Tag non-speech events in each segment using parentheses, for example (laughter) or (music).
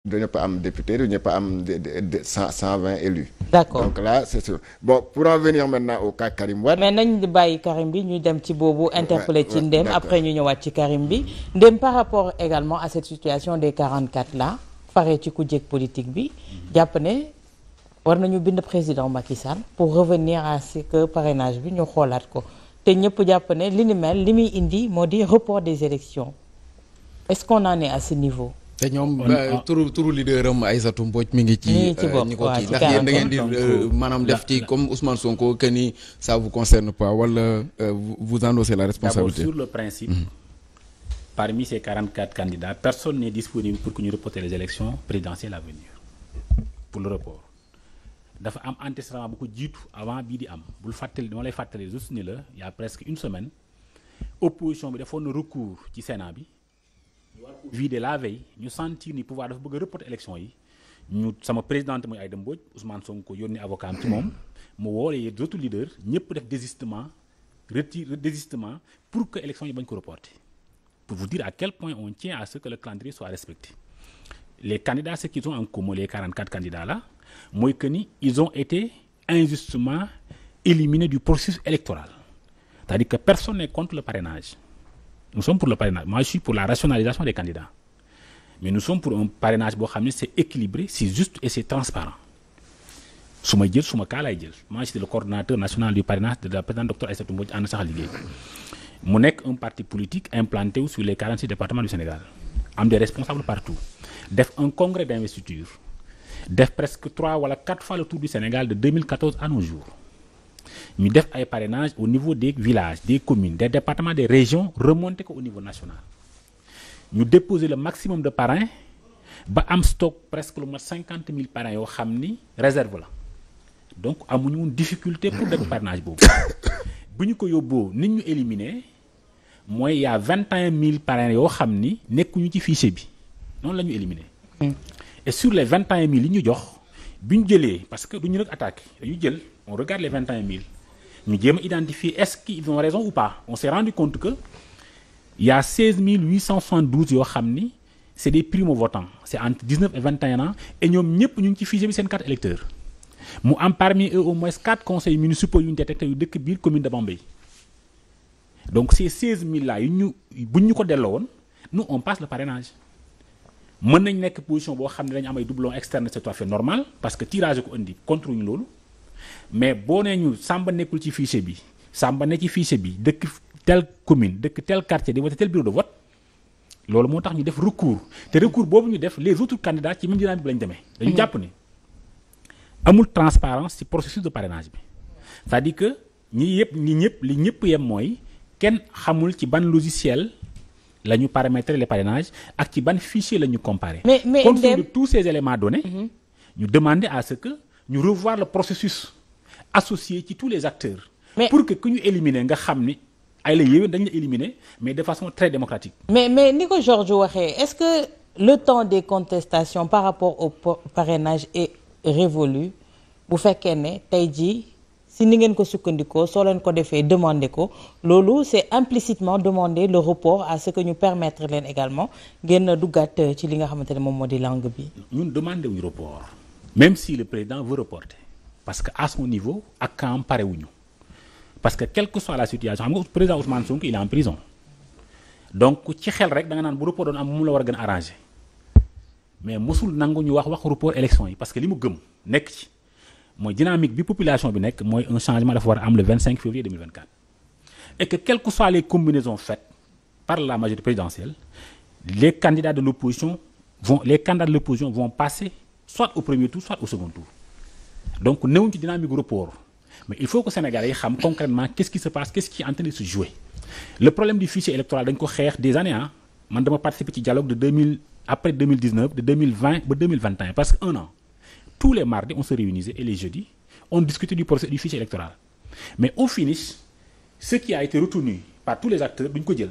dañu pas am député dañu pas am cent cent vingt élus. d'accord donc là c'est sûr bon pour en venir maintenant au cas Karim Wade. mais nañ bàyyi Karim bi ñu dem ci boobu. interpellé ci Ndem après ñu ñëwaat ci Karim bi. Ndem par rapport également à cette situation des 44 là pare ci ku jég politique bi jàpp ne war nañu bind président Macky pour revenir à ce que parrainage bi ñu xoolaat ko te ñëpp jàpp ne li muy indi moo di report des élections est-ce qu'on en à ce niveau. te ñoom euh, ah. turu turu leader am Aïssatou Mbodj mi ngi ci euh, ñi ko kii ndax yéen da di euh, maanaam def ci comme Ousmane Sonko que ni ça vous concerne pas wala vous endossez la responsabilité d'abord sur le principe mm-hmm. parmi ces 44 candidats personne n'est disponible pour que ñu reporter les élections présidentielles à pour le report dafa am antécédent bu ko jiitu avant bii di am bul fàttali dama lay fàttali juste ni la il y presque une semaine opposition bi defoon na recours ci Sénat bi vie de la veille ñu sentir ni pouvoir dafa bëgg a reporter élection yi ñu sama présidente mooy Aïda Mbodj Ousmane Sonko yónni avocat am ci moom mu woole les autres leaders ñëpp def désistement retire désistement pour que élection yi bañ ko reporter pour vous dire à quel point on tient à ce que le calendrier soit respecté les candidats ce qu'ils ont en commun les 44 candidats là mooy que ni ils ont été injustement éliminés du processus électoral cest que personne contre le parrainage nous sommes pour le parrainage moi je suis pour la rationalisation des candidats mais nous sommes pour un parrainage boo xam ne c'est équilibré c'est juste et c'est transparent su ma jël su ma kaa laay jël moi j'étais le coordonnateur national du parrainage de la présidente docteur Aïssatou Mbodj ànd sax liggéey mu nekk un parti politique implanté wu sur les 46 départements du Sénégal am des responsables partout def un congrès d'investiture def presque trois wala le tour du Sénégal ñu def ay parrainage au niveau des villages des communes des départements des région remonté ko au niveau national ñu déposer le maximum de parrain ba am stock presque lu mat cinquante mille parrains yoo xam ni réserve la donc amuñu woon difficulté pour def parrainage boobu (coughs) bu ñu ko yóbboo nit ñu éliminer mooy y'a vingt mille parrains yoo xam ni nekkuñu ci fichier bi noonu la ñu éliminer mm. et sur les vingt et un mille yi ñu jox bi ñu jëlee parce que du ñu nag attaque ñu jël on regarde les vingt et un mille ñu jéem a identifier est-ce qu'ils ont raison ou pas on s'est rendu compte que il mille huit cent soixante-douze yoo xam ni c'est des primo-votants c'est entre dix-neuf et vingt un ans et ñoom ñëpp ñu ngi ci fichier bi seen carte électeur mu am parmi eux au moins quatre conseils municipaux yu ñu détecté yu dëkk biir commune de Bambey donc ces seize mille là yu ñu buñ ñu ko delloo woon nous on passe le parrainage mën nañ nekk position boo xam ne dañu am ay doublon externe c'est tout à fait normal parce que tirage ko indi contre ñu loolu mais boo nee ñu Samba nekkul ci fichier bi Samba ne ci fichier bi dëkk tel commune dëkk tel quartier di voté tel bureau de vote loolu moo tax ñu def recours te recours boobu ñu def les autres candidats ci même dynamique bi lañ demee. dañu jàpp ni amul transparence ci processus de parrainage bi cest di que ñi yëpp ñi ñëpp li ñëpp yem mooy kenn xamul ci ban logiciel. la ñu paramétrer les parrainages ak ci ban fichier la ñu comparer. mais mais compte tenu de tous ces éléments donnés. Mhm. ñu demander à ce que ñu revoir le processus associé ci tous les acteurs. mais pour que ku ñu éliminer nga xam ni ay la yéwén dañu la éliminer mais de façon très démocratique. mais mais ni ko Georges waxee est-ce que le temps des contestation par rapport au parrainage est révolu bu fekkee ne tey jii. si ni ngeen ko sukkandikoo soo leen ko defee demandé ko loolu c'est implicitement demander le report à ce que ñu permettre leen également ngeen duggaat ci li nga xamante ne moom moo di langue bi. ñun demandé wuñu report même si le président veut reporter parce que à son niveau ak camp wuñu parce que quelle que soit la situation xam nga président Ousmane Sonko il en prison donc ci xel rek da nga naan bu report doon am mu la war a gën a arrangé mais ñu wax wax report élection yi parce que li mu mooy dynamique bi population bi nekk mooy un changement dafa war a am le 25 février et que que soient les combinaisons faites par la majorité présidentielle les candidats de l'opposition vont les candidats de l'opposition vont passer soit au premier tour soit au second tour donc newuñu ci dynamique report mais il faut que Sénégalais yi xam concrètement qu'est-ce qui se passe qu'est-ce qui est en train de se jouer le problème du fichier électoral dañ ko xeex des an tous les mardis on se réunissait et les jeudis on discutait du procès du fichier électoral mais au finish ce qui a été retenu par tous les acteurs duñ ko jël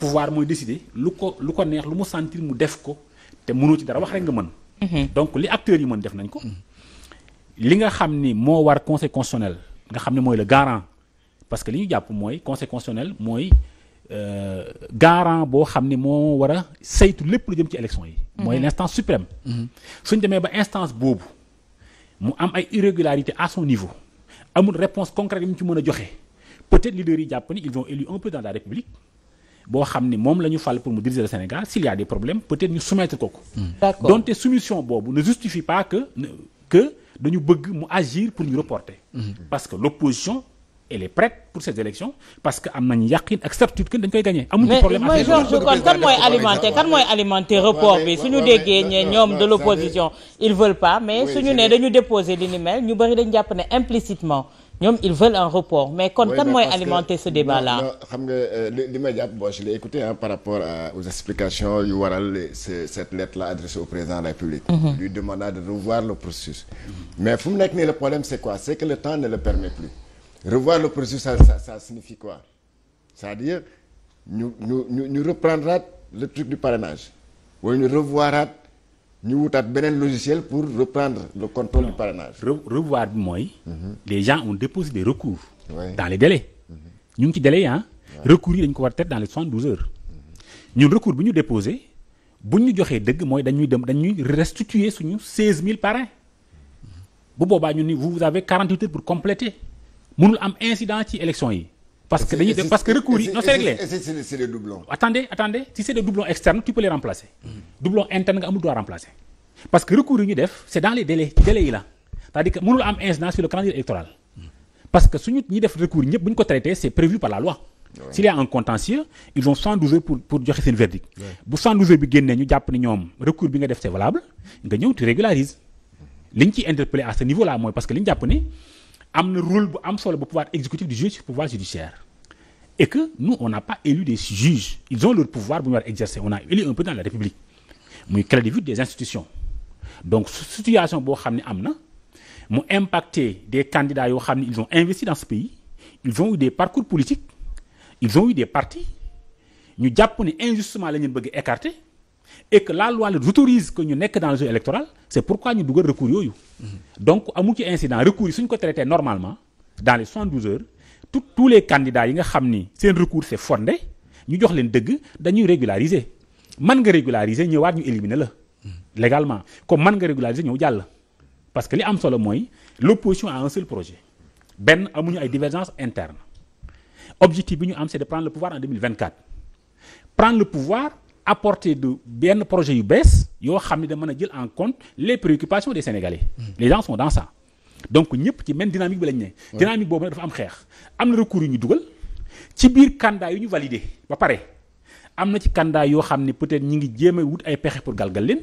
pouvoir mooy décider lu ko lu ko neex lu mu sentir mu def ko te mënoo ci dara wax rek nga mën mhm. donc li acteurs yi mën def nañ ko li nga xam ni moo war conseil constitutionnel nga xam ne mooy le garant parce que li ñu jàpp mooy conseil constitutionnel mooy euh, garant boo xam ne moo war a saytu lépp lu jëm ci élection yi mooy mhm. l' mhm. instance mu am ay irrégularités à son niveau amul réponse concrète yi mu ci mën a joxe peut-être leaders yi jàpp ni ils vont élire un président de la république boo xam ni moom la ñu fal pour mu diriger le Sénégal s'il y a des problèmes peut-être ñu soumettre ko ko. Hmm. d'accord donte soumission boobu ne justifie pas que dañu bëgg mu agir pour ñu reporter. Hmm. parce que l'opposition elle est prête pour ces élections parce que am nañu yàqin ak certitude que dañ koy problème mais Georges kon kan de l'opposition ils veulent pas mais suñu ne dañu déposer li ni mel ñu bari dañ jàpp implicitement ñoom veulent un report mais kon kan mooy ce débat là. Euh, mhm. lui demandant de revoir le processus. mais fu mu nekk nii le problème c'est quoi c'est que le temps ne le permet plus. revoir le processus ça ça, ça signifie quoi c'est-à-dire ñu ñu ñu ñu reprendraat le truc du parrainage wala ñu revoiraat ñu wutaat beneen logiciel pour reprendre le contrôle non. du parrainage. revoir bi mooy. Mhm. les gens ont déposé des recours. Oui. dans les mhm. ñu ngi ci délai yi ah. recours yi dañu ko war a traiter dans les 72 heures. Mhm. ñun bu ñu déposé bu ñu joxee dëgg mooy dañuy dem dañuy restituer suñu mille parrains bu boobaa ñu ni vous avez 48 heures pour compléter. mënul am incident ci élection yi. parce que recours yi non c'est réglé. c'est des doublons. attendez attendez si c'est tu peux les remplacer. doublon interne nga amul droit remplacer. parce que recours yi ñu def c'est dans les délais délais yi la cest mënul am incident sur le électoral. parce que suñu ñi def recours ñëpp bu ñu ko traité c'est prévu par la loi. s'il y a un ils ont 112 heures pour pour joxe seen verdict. bu bi génnee ñu jàpp ni ñoom recours bi nga def c'est valable nga ñëw tu régularises. li ñu ciy interpellé à ce niveau am na rôle bu am solo bu pouvoir exécutif du juge sur pouvoir judiciaire et que nous on n'a pas élu des juges ils ont leur pouvoir bu ñu war a exercer on a élu un président de la république muy clé de voûte des institutions donc situation boo xam ne am na mu impacté des candidats yoo xam ne ils ont investi dans ce pays ils ont eu des parcours politiques ils ont eu des partis ñu jàpp ne injustement la ñu bëgg écarter et que la loi le autorise que ñu nekk dans le jeu électoral c' est pourquoi ñu dugal recours yooyu. donc amul ci incident recours yi suñ ko traité normalement dans les 72 heures tout tous les candidats yi nga xam ni seen recours c' est ñu jox leen dëgg dañuy régulariser man nga régulariser ñëwaat ñu éliminer la. légalement comme man nga régulariser ñëw jàll. parce que li am solo mooy l' opposition a un seul projet benn amuñu ay divergence interne objectif bi ñu am c' de prendre le pouvoir en 2024 prendre apporter de benn projet yu bees yoo xam ne da mën a jël en compte les préoccupations des Sénégalais. Mm. les gens sont dans ça. donc ñëpp ci même dynamique bi lañ ne. dynamique boobu nag dafa am xeex. am na recours yu ñu dugal ci biir candidat yu ñu validé ba pare am na ci candidat yoo xam ne peut-être ñi ngi jéem a wut ay pexe pour galgal leen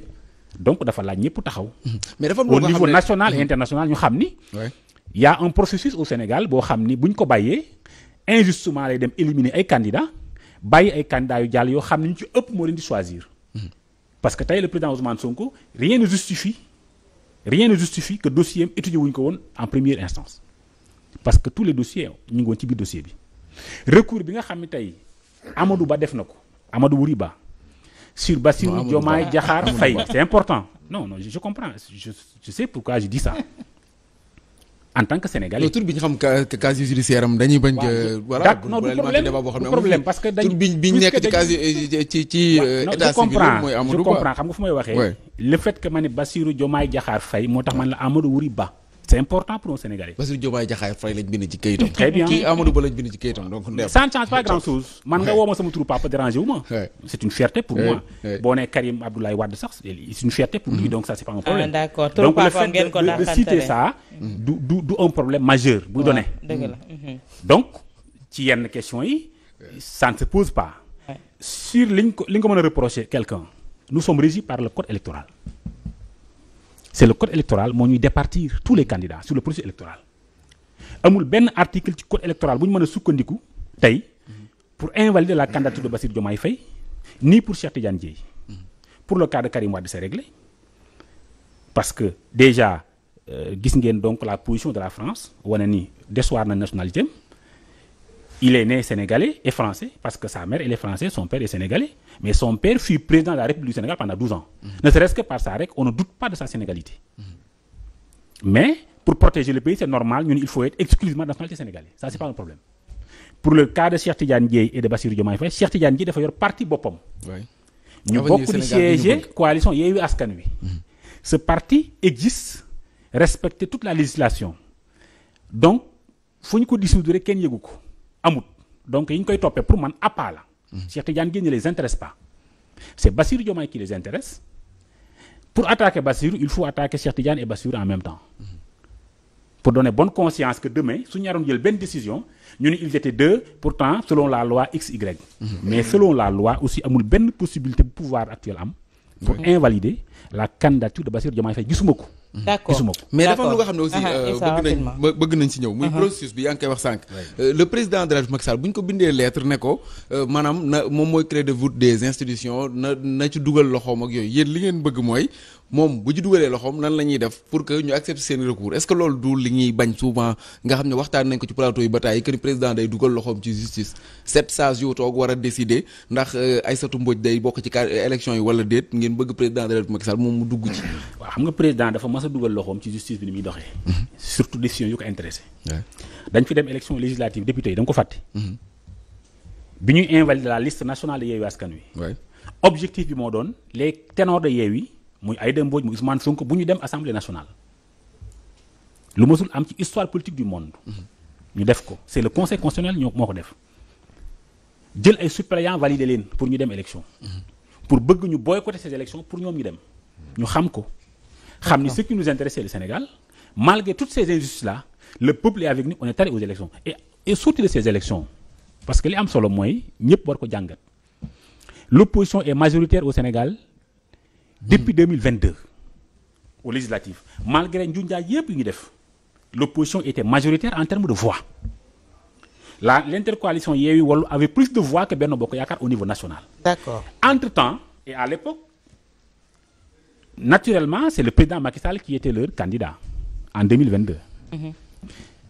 donc dafa laaj ñëpp taxaw. Mm. mais dafa au niveau national mm. international ñu xam ni. y a un processus au Sénégal boo xam ni buñ ko bàyyee injustement lay dem éliminer ay candidats. bàyyi ay candidats yu jàll yoo xam ne ñu ci ëpp moo leen di choisir. Hmm. parce que tey le président Ousmane Sonko rien ne justifie rien ne justifie que dossier am étudié wuñu ko woon en première instance parce que tous les dossiers ñu ngi woon ci biir dossier bi recours bi nga xam ne tey Amadou Ba def na ko Amadou Wuri Ba sur Bassirou Diomaye Diakhar Faye c'est important non non je, je comprends je, je sais pourquoi je dis ça en tant que sénégalais. tur bi ñu xam casier judiciaire am dañuy bañ. Euh, voilà non du problème problème parce que dañ. tur biñ biñ nekk euh, ci ci ci euh, état civil mooy xam nga fu may waxee. le fait que ma ne Bassirou Diomaye Diakhar Faye moo tax man la Amadou Wuri Ba. c' est important pour un Sénégalais. Bassirou Diomaye Diakhar Faye lañ bind ci kayitam. très bien kii Amadou Ba lañ bind ci kayitam donc. ça ne change pas grand chose. man nga woo ma sama turu papa dérangé wu ma. c' une fierté pour moi. boo nee Karim Abdoulaye Wade sax c' une fierté pour lui mm-hmm. donc ça c' pas un problème. Ah, d' accord donc le fait de citer ça. Mm-hmm. du un problème majeur. bu donné mm-hmm. donc ci yenn question yi. ça ne se pose pas. sur ko li nga ko mën a reprocher quelqu'un nous par le code électoral. c'est le code électoral moo ñuy départir tous les candidats sur le processus électoral amul benn article ci code électoral bu ñu mën a sukkandiku tey pour invalider la candidature de Bassirou Diomaye Faye nii pour Cheikh Tidiane Dièye pour le cas de Karim de c'est réglé parce que déjà euh, gis ngeen donc la position de la France wane ni déchoir na nationalité il est né sénégalais et français parce que sa mère elle est française son père est sénégalais mais son père fut président de la République du pendant 12 ans mhm. ne serait-ce que par ça rek on ne doute pas de sa sénégalité mhm. mais pour protéger le pays c'est normal ñun il faut être exclusivement nationalité sénégalaise ça c'est pas un problème pour le cas de Cheikh Tidiane Dièye et de Bassirou Diomaye Faye Cheikh Tidiane Dièye dafa yor parti boppam mhm. respecte toute la législation donc fu ñu ko dissoudre kenn yëgu ko amut donc yi ñu koy toppee pour man appât la. Cheikh Tidiane Dièye les intéresse pas c' est Bassirou Diomaye qui les intéresse pour attaquer Bassirou il faut attaquer Cheikh Tidiane et bassir en même temps. pour donner bonne conscience que demain su ñu jël benn décision ñu ne ils étaient deux pourtant selon la loi x y. Mmh. mais selon la loi aussi amul benn possibilité bu pouvoir actuel am. pour invalider la candidature de Bassirou Diomaye Faye gisuma ko. Mhm. d' accord gisuma ko mais dafa am nga xam ne aussi euh, bëgg nañ bëgg nañ si ñëw muy processus bi yaa ngi koy wax sànq euh, le président de la Macky bu ñu ko bindee lettre ne ko euh, maanaam na moom mooy clé de voûte des institutions na na ci dugal loxoom ak yooyu yéen li ngeen bëgg mooy moom bu ci dugalee loxoom nan la ñuy def pour que ñu accepte seen recours est-ce que loolu du li ñuy bañ souvent nga xam ne waxtaan nañ ko ci plateau yi ba tàyyi que ni président day dugal loxoom ci justice sept sages yu toog war a décider ndax euh, Aïssatou Mbodj day bokk ci car élection yi wala déet ngeen bëgg président de la République Macky moom mu dugg ci. waaw xam nga président dafa mas a dugal loxoom ci justice bi ni muy doxee. Mhm. surtout décision yu ko intéressé. dañ fi dem élection législative député yi da nga mhm. bi moo doon les ténors de Yewwi muy Aïda Mbodj muy Ousmane Sonko bu ñu dem assemblée nationale lu mësul am ci histoire politique du monde. ñu def ko c' est le conseil constitutionnel ñoo moo ko def jël ay suppléants valider leen pour ñu dem élection. pour bëgg ñu boycotter ces élections pour ñoom ñu dem. ñu xam ko xam ni ce qui nous intéresse le Sénégal malgré toutes ces injustices la le peuple est avec nous on est allé aux élections et sorti de ces élections parce que li am solo mooy ñëpp war ko jàngat l'opposition majoritaire au Sénégal. depuis 2022 aux législatives malgré njuñ njaay yëpp yu ñu def l'opposition était majoritaire en termes de voix la l'intercoalition Yewwi Wallu avait plus de voix que Benno Bokk Yaakaar au niveau national. d'accord entre-temps et à l'époque naturellement c'est le président Macky Sall qui était leur candidat en mm-hmm.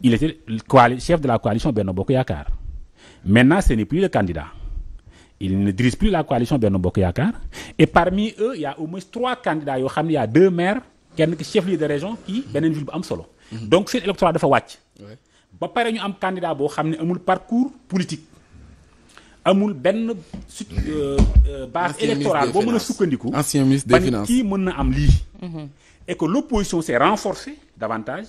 il était chef de la coalition Benno Bokk Yaakaar maintenant ce n'est plus le candidat. ils ne dirigent plus la coalition Benno Bokk Yaakaar et parmi eux il y a au moins trois candidats yoo xam ne y deux maires kenn ki chef lieu de région kii beneen ville bu am solo. Mhm. donc seen électorat dafa wàcc. ba pare ñu am candidat boo xam ne amul parcours politique amul benn su mhm. euh, euh, base électorale boo mën a sukkandiku. ancien ministre des finances kii mën na am lii. Mhm. et que l'opposition s'est renforcée davantage.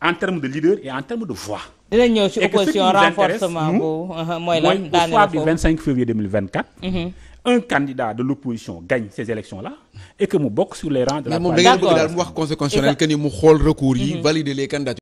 en terme de leader et en terme de voix. dinañ ñëw opposition renforcement boobu (laughs) mooy lan mooy au soir du 25 février 2024. Mhm. un candidat de l'opposition gagne ces élections là et que mu bokk sur les rangs de la. mais daal mu wax conséquentiel que mu xool recours yi. Mhm. valider les candidats.